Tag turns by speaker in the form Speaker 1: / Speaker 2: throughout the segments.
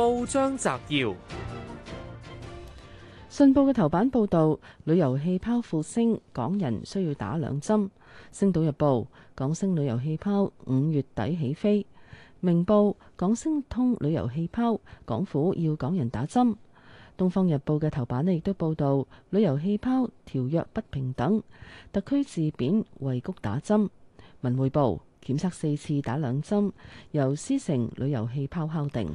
Speaker 1: 報章摘要：《信報》嘅頭版報道旅遊氣泡復升，港人需要打兩針；《星島日報》港星旅遊氣泡五月底起飛；《明報》港星通旅遊氣泡，港府要港人打針；《東方日報》嘅頭版咧亦都報道旅遊氣泡條約不平等，特區自貶為谷打針；《文匯報》檢測四次打兩針，由獅城旅遊氣泡敲定。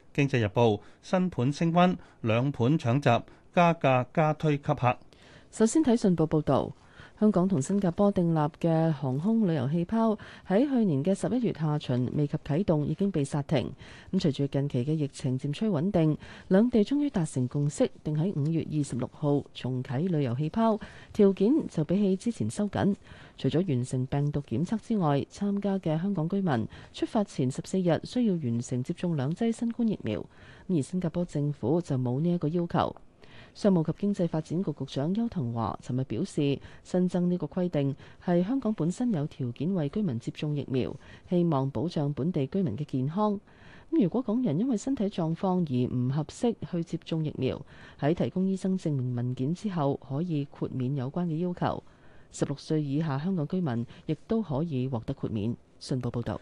Speaker 2: 《經濟日報》新盤升溫，兩盤搶閘，加價加推吸客。首先睇信報
Speaker 1: 報導。香港同新加坡訂立嘅航空旅遊氣泡喺去年嘅十一月下旬未及啟動，已經被煞停。咁隨住近期嘅疫情漸趨穩定，兩地終於達成共識，定喺五月二十六號重啟旅遊氣泡。條件就比起之前收緊，除咗完成病毒檢測之外，參加嘅香港居民出發前十四日需要完成接種兩劑新冠疫苗。而新加坡政府就冇呢一個要求。商務及經濟發展局局長邱騰華尋日表示，新增呢個規定係香港本身有條件為居民接種疫苗，希望保障本地居民嘅健康。如果港人因為身體狀況而唔合適去接種疫苗，喺提供醫生證明文件之後，可以豁免有關嘅
Speaker 2: 要求。十六歲以下香港居民亦都可以獲得豁免。信報報道。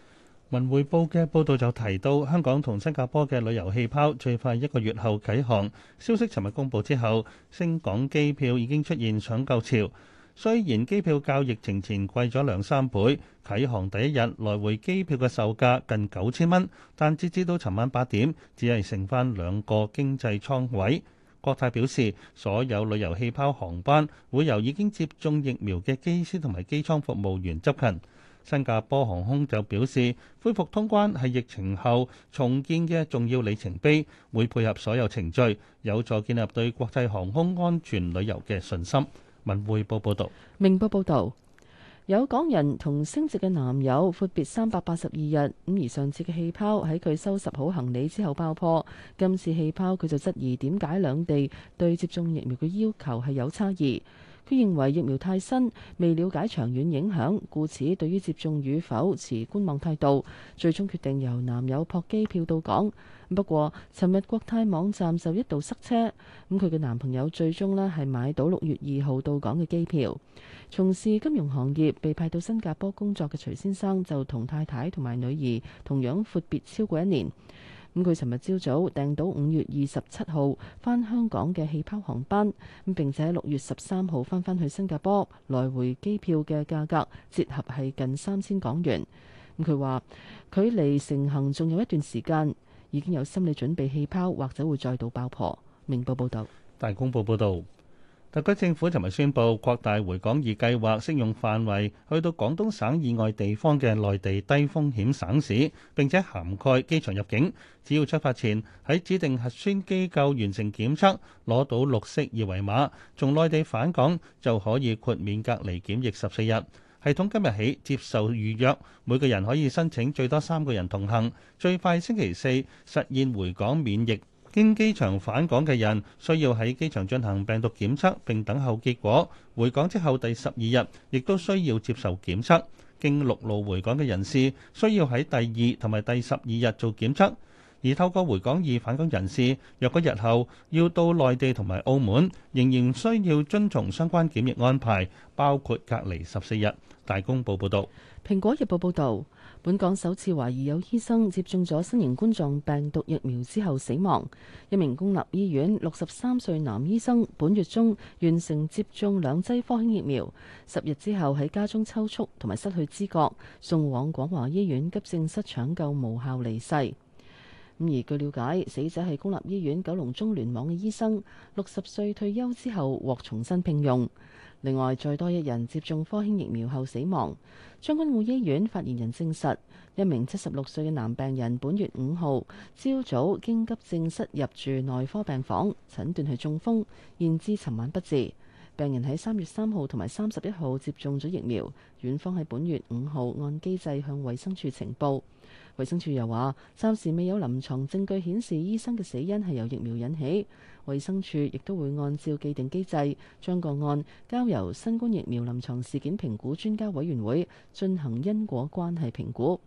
Speaker 2: 文匯報嘅報導就提到，香港同新加坡嘅旅遊氣泡最快一個月後啓航。消息尋日公布之後，星港機票已經出現搶購潮。雖然機票較疫情前貴咗兩三倍，啓航第一日來回機票嘅售價近九千蚊，但截至到尋晚八點，只係剩返兩個經濟艙位。國泰表示，所有旅遊氣泡航班會由已經接種疫苗嘅機師同埋機艙服務員執勤。新加坡航空就表示，恢復通關係疫情後重建嘅重要里程碑，會配合所有程序，有助建立對國際航空安全旅遊嘅信心。文匯報報道，
Speaker 1: 明報報道，有港人同升職嘅男友闊別三百八十二日，咁而上次嘅氣泡喺佢收拾好行李之後爆破，今次氣泡佢就質疑點解兩地對接種疫苗嘅要求係有差異。佢認為疫苗太新，未了解長遠影響，故此對於接種與否持觀望態度。最終決定由男友撲機票到港。不過，尋日國泰網站就一度塞車。咁佢嘅男朋友最終呢係買到六月二號到港嘅機票。從事金融行業，被派到新加坡工作嘅徐先生就同太太同埋女兒同樣闊別超過一年。咁佢尋日朝早訂到五月二十七號返香港嘅氣泡航班，咁並且六月十三號翻返去新加坡，來回機票嘅價格折合係近三千港元。佢話距離成行仲有一段時間，已經有心理準備氣，氣泡或者會再度爆破。明報報道。
Speaker 2: 大公報報導。特區政府尋日宣布，擴大回港易計劃適用範圍去到廣東省以外地方嘅內地低風險省市，並且涵蓋機場入境。只要出發前喺指定核酸機構完成檢測，攞到綠色二維碼，從內地返港就可以豁免隔離檢疫十四日。系統今日起接受預約，每個人可以申請最多三個人同行，最快星期四實現回港免疫。經機場返港嘅人需要喺機場進行病毒檢測，並等候結果。回港之後第十二日，亦都需要接受檢測。經陸路回港嘅人士需要喺第二同埋第十二日做檢測。而透過回港易返港人士，若果日後要到內地同埋澳門，仍然需要遵從相關檢疫安排，包括隔離十四日。大公報報道，蘋果日報報道。本
Speaker 1: 港首次懷疑有醫生接種咗新型冠狀病毒疫苗之後死亡。一名公立醫院六十三歲男醫生，本月中完成接種兩劑科興疫苗，十日之後喺家中抽搐同埋失去知覺，送往廣華醫院急症室搶救無效離世。咁而據了解，死者係公立醫院九龍中聯網嘅醫生，六十歲退休之後獲重新聘用。另外，再多一人接種科興疫苗後死亡。將軍澳醫院發言人證實，一名七十六歲嘅男病人本月五號朝早經急症室入住內科病房，診斷係中風，現至尋晚不治。病人喺三月三號同埋三十一號接種咗疫苗，院方喺本月五號按機制向衛生署呈報。衛生署又話，暫時未有臨床證據顯示醫生嘅死因係由疫苗引起。衛生署亦都會按照既定機制，將個案交由新冠疫苗臨床事件評估專家委員會進行因果關係評估。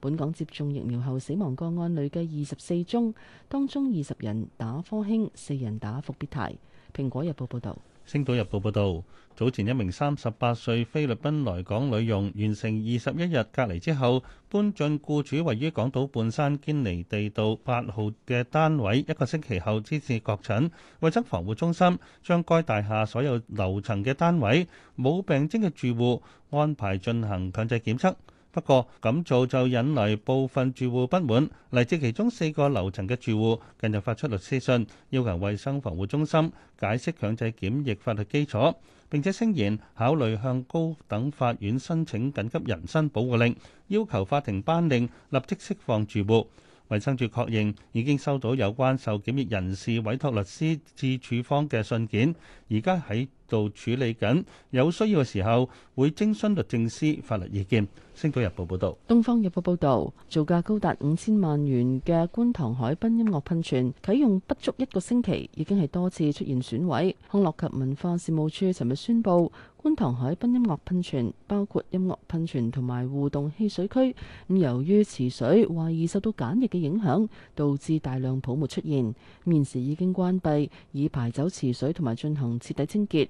Speaker 1: 本港接種疫苗後死亡個案累計二十四宗，當中二十人打科興，四人打復必泰。蘋果日報報導。
Speaker 2: 星島日報報道，早前一名三十八歲菲律賓來港女傭完成二十一日隔離之後，搬進僱主位於港島半山堅尼地道八號嘅單位，一個星期後之至確診，衛生防護中心將該大廈所有樓層嘅單位冇病徵嘅住戶安排進行強制檢測。不過咁做就引嚟部分住戶不滿，嚟自其中四個樓層嘅住戶近日發出律師信，要求衛生防護中心解釋強制檢疫法律基礎，並且聲言考慮向高等法院申請緊急人身保護令，要求法庭頒令立即釋放住戶。衛生署確認已經收到有關受檢疫人士委託律師致處方嘅信件，而家喺度處理緊，有需要嘅時候會徵詢律政司法律意見。星島日報報道：
Speaker 1: 東方日報報道，造價高達五千萬元嘅觀塘海濱音樂噴泉啟用不足一個星期，已經係多次出現損毀。康樂及文化事務處尋日宣布，觀塘海濱音樂噴泉包括音樂噴泉同埋互動戲水區，咁由於池水懷疑受到簡易嘅影響，導致大量泡沫出現，現時已經關閉，以排走池水同埋進行徹底清潔。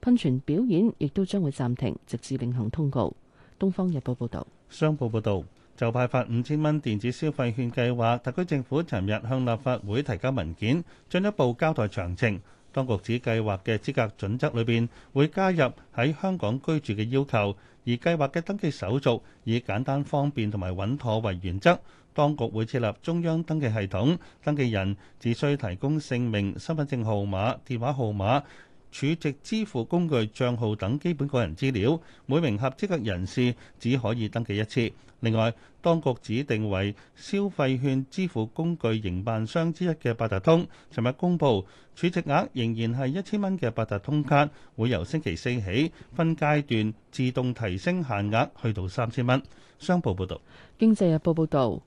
Speaker 1: 噴泉表演亦都將會暫停，直至另行通告。《東方日報》報道，
Speaker 2: 《商報》報道，就派發五千蚊電子消費券計劃，特區政府尋日向立法會提交文件，進一步交代詳情。當局指計劃嘅資格準則裏邊會加入喺香港居住嘅要求，而計劃嘅登記手續以簡單方便同埋穩妥為原則。當局會設立中央登記系統，登記人只需提供姓名、身份證號碼、電話號碼。儲值支付工具帳號等基本個人資料，每名合資格人士只可以登記一次。另外，當局指定為消費券支付工具營辦商之一嘅八達通，尋日公佈儲值額仍然係一千蚊嘅八達通卡，會由星期四起分階段自動提升限額去到三千蚊。商報報導，《
Speaker 1: 經濟日報》報導。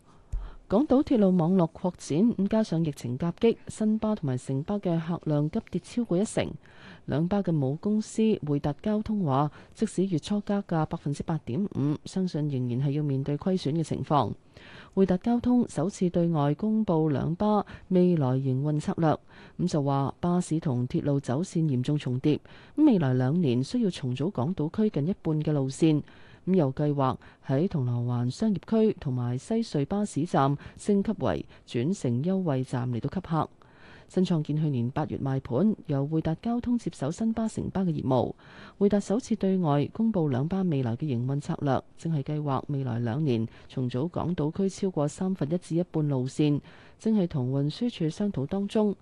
Speaker 1: 港島鐵路網絡擴展，加上疫情夾擊，新巴同埋城巴嘅客量急跌超過一成。兩巴嘅母公司匯達交通話，即使月初加價百分之八點五，相信仍然係要面對虧損嘅情況。匯達交通首次對外公布兩巴未來營運策略，咁就話巴士同鐵路走線嚴重重疊，未來兩年需要重組港島區近一半嘅路線。咁又計劃喺銅鑼灣商業區同埋西隧巴士站升級為轉乘優惠站嚟到吸客。新創建去年八月賣盤，由匯達交通接手新巴城巴嘅業務。匯達首次對外公佈兩巴未來嘅營運策略，正係計劃未來兩年重組港島區超過三分一至一半路線，正係同運輸署商討當中。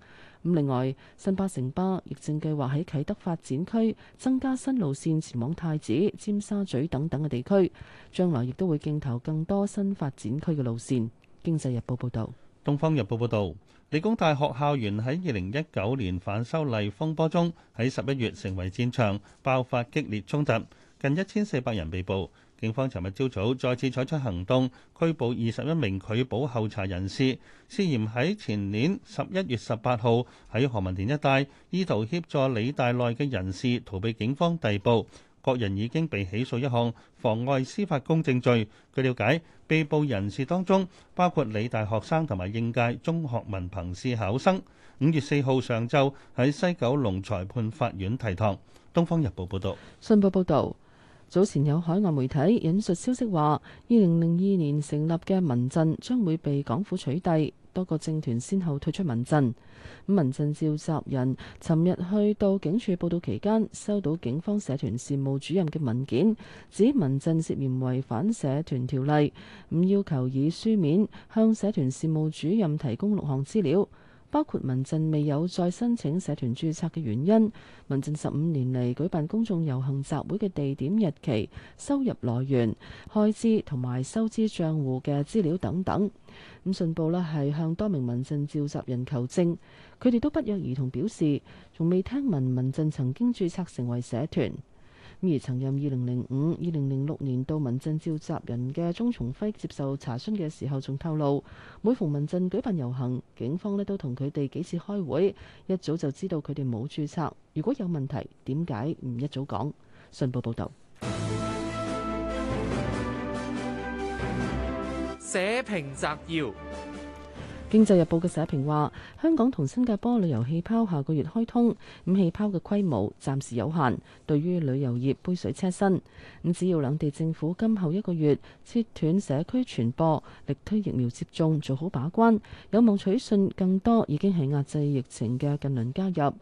Speaker 1: 咁另外，新巴城巴亦正計劃喺啟德發展區增加新路線前往太子、尖沙咀等等嘅地區，將來亦都會競投更多新發展區嘅路線。經濟日報報道。
Speaker 2: 東方日報報道，理工大學校園喺二零一九年反修例風波中，喺十一月成為戰場，爆發激烈衝突，近一千四百人被捕。警方尋日朝早再次採取行動，拘捕二十一名拒保候查人士，涉嫌喺前年十一月十八號喺何文田一帶，意圖協助理大內嘅人士逃避警方逮捕。各人已經被起訴一項妨礙司法公正罪。據了解，被捕人士當中包括理大學生同埋應屆中學文憑試考生。五月四號上晝喺西九龍裁判法院提堂。《東方日報》報道。
Speaker 1: 新報報道。早前有海外媒體引述消息話，二零零二年成立嘅民陣將會被港府取締。多個政團先後退出民陣。咁民陣召集人尋日去到警署報到期間，收到警方社團事務主任嘅文件，指民陣涉嫌違反社團條例，唔要求以書面向社團事務主任提供六項資料。包括民陣未有再申請社團註冊嘅原因，民陣十五年嚟舉辦公眾遊行集會嘅地點、日期、收入來源、開支同埋收支賬戶嘅資料等等，咁信報呢係向多名民陣召集人求證，佢哋都不約而同表示，從未聽聞民陣曾經註冊成為社團。而曾任二零零五、二零零六年到民陣召集人嘅鍾崇輝接受查詢嘅時候，仲透露，每逢民陣舉辦遊行，警方呢都同佢哋幾次開會，一早就知道佢哋冇注冊。如果有問題，點解唔一早講？信報報道。
Speaker 2: 社評摘要。
Speaker 1: 經濟日報嘅社評話：香港同新加坡旅遊氣泡下個月開通，咁氣泡嘅規模暫時有限，對於旅遊業杯水車薪。咁只要兩地政府今後一個月切斷社區傳播，力推疫苗接種，做好把關，有望取信更多已經喺壓制疫情嘅近鄰加入。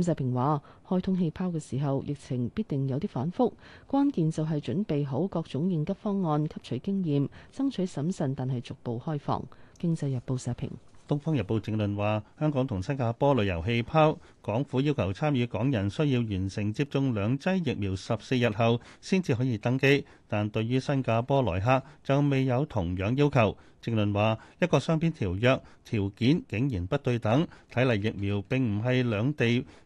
Speaker 1: 咁社評話：開通氣泡嘅時候，疫情必定有啲反覆，關鍵就係準備好各種應急方案，吸取經驗，爭取審慎，但係逐步開放。《經濟日報》社評，
Speaker 2: 《東方日報》政論話：香港同新加坡旅遊氣泡，港府要求參與港人需要完成接種兩劑疫苗十四日後先至可以登機，但對於新加坡來客就未有同樣要求。政論話：一個雙邊條約條件竟然不對等，睇嚟疫苗並唔係兩地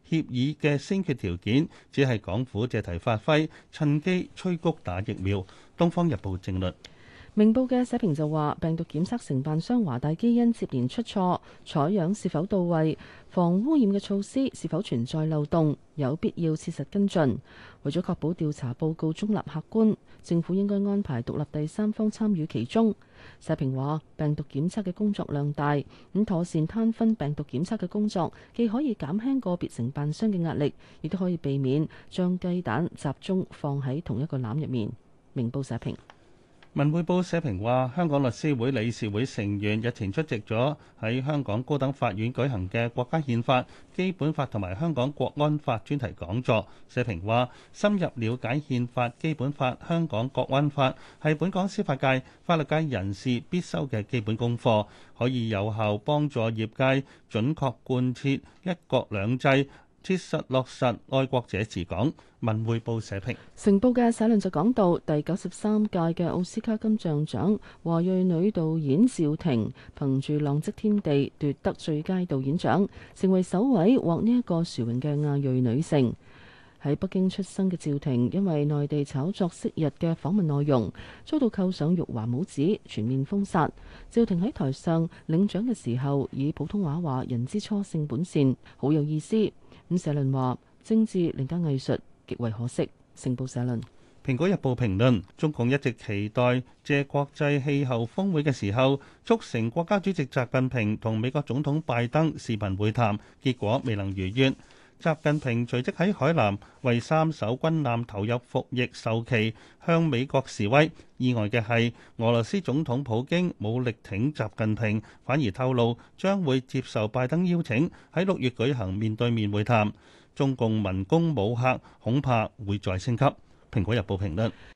Speaker 2: 協議嘅先決條件，只係港府借題發揮，趁機催谷打疫苗。《東方日報》政論。
Speaker 1: 明報嘅社評就話：病毒檢測承辦商華大基因接連出錯，採樣是否到位，防污染嘅措施是否存在漏洞，有必要切實跟進。為咗確保調查報告中立客觀，政府應該安排獨立第三方參與其中。社評話：病毒檢測嘅工作量大，咁妥善攤分病毒檢測嘅工作，既可以減輕個別承辦商嘅壓力，亦都可以避免將雞蛋集中放喺同一個籃入面。明報社評。
Speaker 2: 文匯報社評話，香港律師會理事會成員日前出席咗喺香港高等法院舉行嘅國家憲法、基本法同埋香港國安法專題講座。社評話，深入了解憲法、基本法、香港國安法係本港司法界、法律界人士必修嘅基本功課，可以有效幫助業界準確貫徹一國兩制。切實落實愛國者治港，《文匯報》社評。
Speaker 1: 成報嘅社論就講到，第九十三屆嘅奧斯卡金像獎華裔女導演趙婷憑住《浪跡天地》奪得最佳導演獎，成為首位獲呢一個殊榮嘅亞裔女性。喺北京出生嘅趙婷，因為內地炒作昔日嘅訪問內容，遭到扣上辱華帽子，全面封殺。趙婷喺台上領獎嘅時候，以普通話話：人之初，性本善，好有意思。咁社論話政治凌駕藝術極為可惜。
Speaker 2: 成報社論，《蘋果日報評論》評論：中共一直期待借國際氣候峰會嘅時候促成國家主席習近平同美國總統拜登視頻會談，結果未能如願。習近平隨即喺海南為三艘軍艦投入服役授旗，向美國示威。意外嘅係，俄羅斯總統普京冇力挺習近平，反而透露將會接受拜登邀請，喺六月舉行面對面會談。中共文攻武嚇恐怕會再升級。蘋果日報評論。